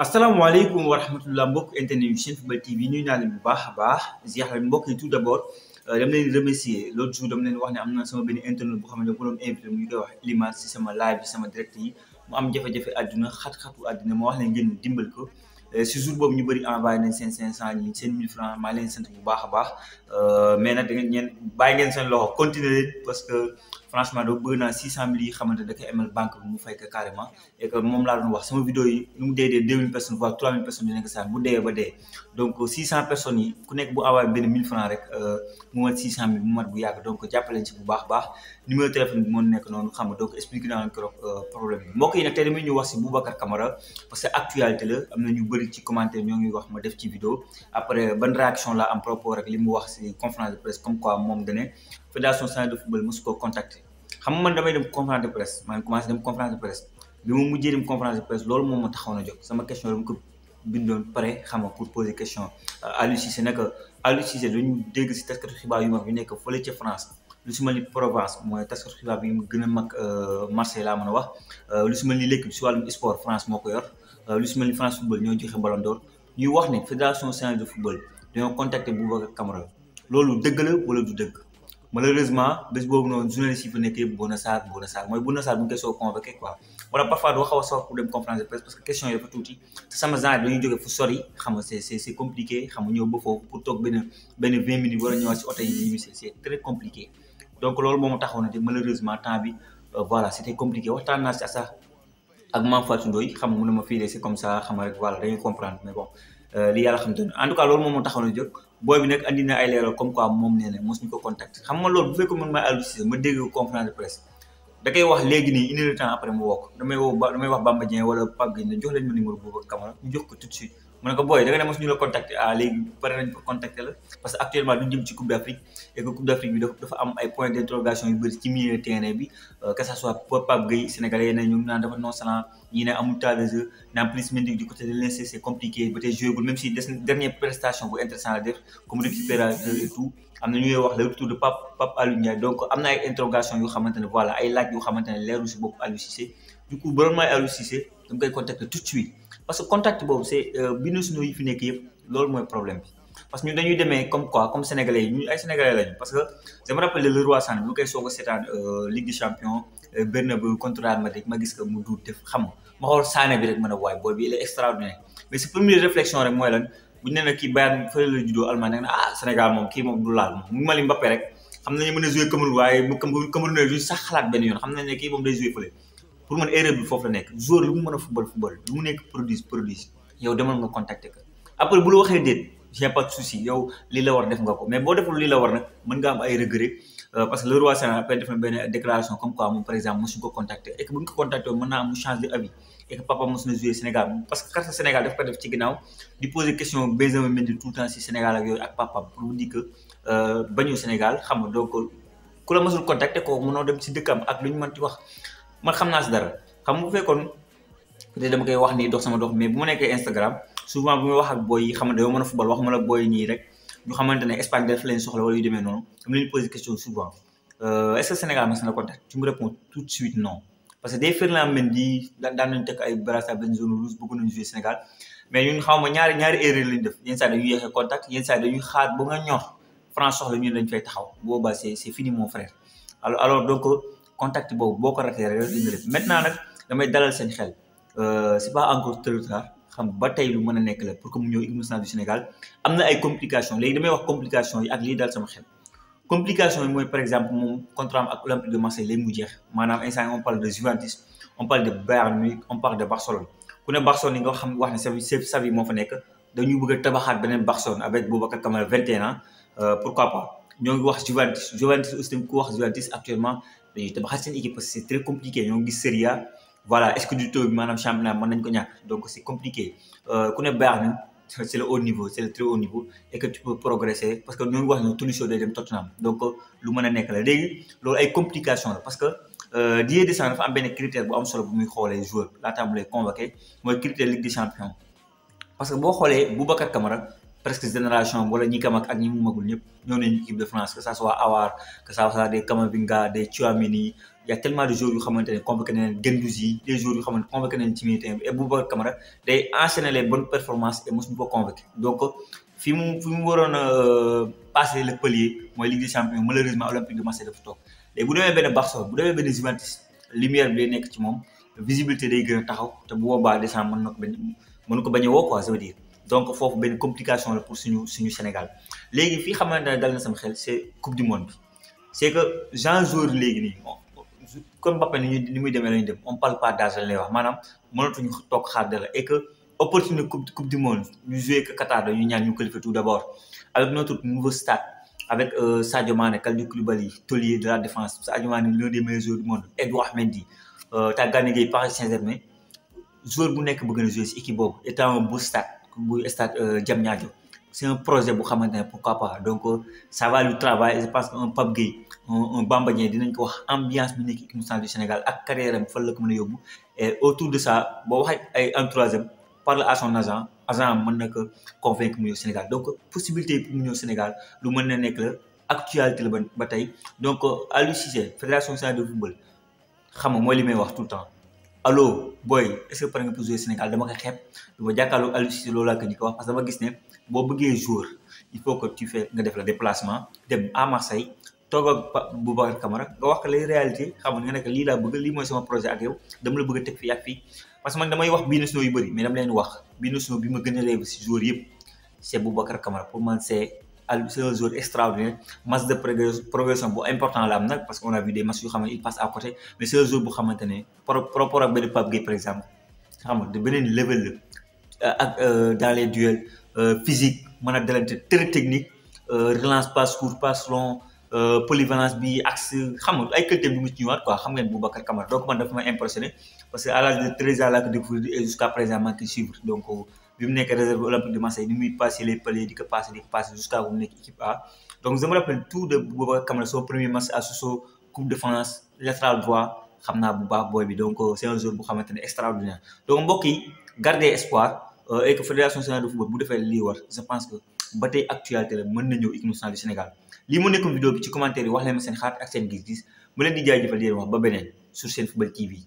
assalamu alaykum wa rahmatullah mbok internet yu Senfootball TV ñu ñaan bu baax baax ziar mbok yi tout d'abord dama leen remercier l'autre jour dama leen wax ni am na sama benn internet bu xamne bu doon invité mu ngi wax limaas ci sama live sama direct yi mu am jafe-jafe aduna xat-xatu aduna mo wax leen ngeen dimbal ko ci jour bobu ñu bari envoyé nañ seen cinq ñi seen mille francs ma leen sant bu baax baax euh mais nak da ngeen bay ngeen seen loxo continuer parce que franchement doo bëgg naa 600 000 yi xamante da koy amal banque bi mu fay ko carrément et que mom la doon wax sama vidéo yi nu mu dédé 2000 personnes voire 3000 personnes dinañ ko saa bu dee ba dé donc 600 personnes yi ku nek bu awaay benn 1000 francs rek euh, mu mat 600 000 mu mat bu yàgg donc jappalé ci bu baax baax numéro de téléphone bi moo nekk noonu xam nga donc expliqué naa leen keroog euh, problème bi mbokk yi nag tey ñu wax ci Boubacar Camara parce que actualité la amna ñu bari ci commentaire ñoo ngi wax ma def ci vidéo après ban réaction la am propos rek limu wax si conférence de presse comme quoi mom dane fédération sénégalaise de football mosu koo contacter xam man damay dem conférence de presse maa ngi commencé dem conférence de presse bi ma mujjee dem conférence de presse loolu moom ma taxaw na jóg sama question dama ko bindoon pare xam pour poser question Aliou Cissé nekk Aliou Cissé dañu dégg si taskatu xibaar yu mag yu nekk fële ca France lu si mel ni Provence mooy taskatu xibaar bi mu gën a mag euh, Marseille laa mën a wax euh, lu si mel ni l'équipe si wàllum sport France moo ko yor euh, lu si mel ni France football ñoo joxe Ballon d'Or ñuy wax ne fédération sénégalaise de football dañoo contacter Boubacar Cameroun loolu dëgg la wala du dëgg malheureusement bés boobu noonu journaliste yi fa nekk yëpp Bouna Sarr Bouna Sarr mooy Bouna Sarr bu ñu koy convoqué quoi wala parfois doo xaw a soxla pour dem conférence de presse parce que question yi dafa tuuti te sama genre dañuy jóge fu sori xam nga c'est c'est c'est compliqué xam nga ñëw ba foofu pour toog benn benn vingt minutes war a ñëwaat si oto yi ñuy misé c'est très compliqué donc loolu moom taxaw na te malheureusement temps bi euh, voilà c'était compliqué waxtaan naa si sax ak Mame Fatou Ndoye xam nga mu ne ma fii de c'est comme ça xam nga rek voilà dañuy comprendre mais bon Euh, li yàlla xam te en tout cas loolu moom moo taxoon a jóg booy bi nag andi na ay leeral comme quoi moom nee na mosuñu ko contact xam nga loolu bu fekkoon man maay Aliou ma dégg conférence de presse da wax léegi nii une heure de temps après mu woo ko damay woo damay wax Bamba Dieng wala Pape Gueye ne jox leen ma numéro boobu Camara ñu jox ko tout suite ma ne ko booy da nga ne mos ñu la contacter ah léegi pare nañ pour contacter la parce que actuellement duñ jëm ci coupe d' dafa am ay points d' yu bëri ci euh, compliqué ba tey joué gul même si des prestation bu intéressant la def comme récupérateur et tout am na ñuy wax le retour de Pape Pape Alioune Ndiaye donc am na ay interrogation yoo xamante ne voilà ay laaj yoo xamante ne leeru si bopp Aliou Cissé du coup bu doon may Aliou Cissé dama koy parce que contact boobu c' est binationaux yi fi nekk yëpp loolu mooy problème bi parce que ñun dañuy demee comme quoi comme sénégalais yi ñun ay sénégalais lañu parce que je me rappelle le roi Sané mu koy soog a seetaan Ligue des champions Bernabeu contre Real Madrid ma gis que xam nga ma xool Sané bi rek mën a waay booy bi il est extraordinaire mais sa première réflexion rek mooy lan bu ñu nee na kii Bayern fële la juddoo Allemagne nag ah Sénégal moom kii moom du laal moom mu ngi rek xam nañu mën a joué Cameroun waaye Cameroun nañ ne kii moom pour man erreur bi foofu la nekk joueur lu mu mën a football football lu mu nekk produit produit yow demal nga contacter ko après bu la waxee déet j'ai pas de souci yow lii la war def nga ko mais boo deful lii la war nag mën nga am ay regret euh, parce que le roi Sénégal après def na benn déclaration comme quoi moom par exemple mosuñ ko contacter et que bu ñu ko contacter mën naa am mu d'avis et que papa mos na jouer Sénégal parce que carte Sénégal dafa ko def ci ginnaaw di poser question Benjamin Mendy tout le temps si Sénégal ak yooyu ak papa pour vous dire que euh, bañu Sénégal xam nga donc ku la mosul contacter kooku mënoo dem si dëkkam ak lu ñu mën ti wax man xam eh, naa si dara xam bu fekkoon peut dama koy wax nii dox sama dox mais bu ma nekkee Instagram souvent bu may wax ak boy yi xam ne dañoo mën a football waxuma la boy ñii rek ñu xamante ne Espagne daf leen soxla wala yu demee noonu dama leen poser question souvent euh, est ce que Sénégal mas na contact tu me réponds tout de suite non parce que day Ferland Mendy daan daan nañ teg ay brassard benn zone rouge bëgg nañu jouer Sénégal mais ñun xaw ma ñaari ñaari erreur lañ def yenn saa dañuy yéexee contact yenn saa dañuy xaar ba nga ñor France soxla ñun dañ fay taxaw boobaa c'est c'est fini mon frère alors alors donc contact boobu boo ko ratee rek dina def maintenant nag damay dalal seen xel euh, c'est pas encore trop tard xam ba tey lu mën a nekk la pour que mu ñëw équipe du Sénégal am na ay complications léegi damay wax complications yi ak lii dal sama xel complication yi mooy par exemple moom contrat ak Olympique de Marseille léegi mu jeex maanaam instant on parle de Juventus on parle de Bayern Munich on parle de Barcelone ku ne Barcelone yi nga xam wax ne Xavi Xavi moo fa nekk dañu bëgg a tabaxaat beneen Barcelone avec Boubacar Camara 21 ans euh, pourquoi pas ñoo ngi wax Juventus Juventus aussi ku wax Juventus actuellement dañuy tabaxaat seen équipe parce que c'est très compliqué ñoo ngi Serie A voilà est-ce que du taw bi maanaam championnat mën nañ ko ñàkk donc c'est compliqué euh, ku ne baax na c'est le haut niveau c'est le très haut niveau et que tu peux progresser parce que ñoo ngi wax ne Tolisso day dem Tottenham donc lu mën a nekk la léegi loolu ay complications la parce que liy euh, descendre dafa am benn critère bu am solo bu muy xoolee joueur laata mu lay convoqué mooy critère Ligue des champions parce que boo xoolee Boubacar Camara presque génération wala ñi kam ak ak ñi mu magul ñëpp ñëw nañu équipe de France que ça soit Awar que ça soit des Kamavinga des il y a tellement de joueurs yu xamantene convoqué nañ Gendouzi des joueurs yu xamantene convoqué nañ ci milieu terrain bi et Boubacar Kamara day enchaîner les bonnes performances et mosuñu ko convoqué donc fi mu fi mu waroon a euh, passer le palier moy Ligue des champions malheureusement Olympique de Marseille dafa tok léegi bu démé benn Barça bu démé benn Juventus lumière bi day nekk ci mom visibilité day gëna taxaw te bu boobaa décembre mën na ko bañ mën ko bañ wo quoi ça veut dire donc foofu benn complication la pour suñu suñu Sénégal léegi fii xamante ne dal na sama xel c'est coupe du monde bi c'est que Jean joueur léegi nii comme Mbappé ni ñu ni muy demee la ñu on parle pas d'âge lay wax maanaam mënatuñu toog xaar dara et que opportunité coupe coupe du monde ñu jouer que Qatar dañu ñaan ñu qualifier tout d'abord avec notre nouveau stade avec euh, Sadio Mané Kalidou Koulibaly Tolier de la défense Sadio Mané l'un des meilleurs joueurs du monde Edouard Mendy euh, Tanguy Gueye Paris Saint-Germain joueur bu nekk bëgg na jouer si équipe boobu étant un beau stade bu stade euh, Diamniadio c'est un projet bu xamante ne pourquoi pas donc euh, ça va lui travail je pense que un Pape Gueye un Bamba dinañ ko wax ambiance bi nekk équipe du Sénégal ak carrière am fan la ko mën a yóbbu et autour de ça boo waxee ay entourage am parle à son agent agent am mën na ko convaincre mu ñëw Sénégal donc possibilité pour mu ñëw Sénégal lu mën na nekk la actualité la ba ba tey donc euh, Aliou Cissé fédération sénégalaise de football xam nga mooy li may wax tout le temps. aloo booy est-ce que pare nga pour jouer Sénégal dama ko xeeb dama jàkkaarloo Aliou loolu laa ko ñu wax parce que dama gis ne boo bëggee joueur il faut que tu fais nga def la déplacement dem à Marseille toog ak Boubacar nga wax ko les réalités xam nga ne que lii laa bëgg lii mooy sama projet ak yow dama la bëgg a teg fii ak fii parce que man damay wax bii nationaux yu bëri mais dama leen wax bii nationaux bi ma gën a rêve si joueur yëpp c'est Boubacar Camara c'est un joueur extraordinaire match de progression bu important là am parce qu'on a vu des matchs où xam il passe à côté mais c'est un joueur bu xamante ne par rapport ak benn Pape par exemple xam nga de beneen level euh, ak euh, dans les duels euh, physique mën a dalante très technique relance passe court passe long polyvalence bi axe xam nga ay qualité bi mu ci ñëwaat quoi xam ngeen Boubacar Kamara donc man dafa ma impressionné parce que à l'âge de 13 ans laa ko découvrir et jusqu'à présent maa ngi suivre donc euh, bi mu nekk réserve olympique de Marseille ni muy passé les paliers di ko passé di ko passé jusqu'à bu mu équipe A donc je me rappelle tout de Boubacar Kamara son premier match à Sochaux coupe de France latéral droit xam naa bu baax boy. bi donc euh, c'est un jour bu xamante extraordinaire donc mbokk yi garder espoir euh, et que fédération sénégalaise de football bu defee lii war je pense que bataille tey actualité la mën na ñëw équipe nationale du Sénégal lii mu vidéo bi ci commentaire yi wax leen ma seen xalaat ak seen gis-gis mu leen di jaajëfal di wax ba beneen sur TV.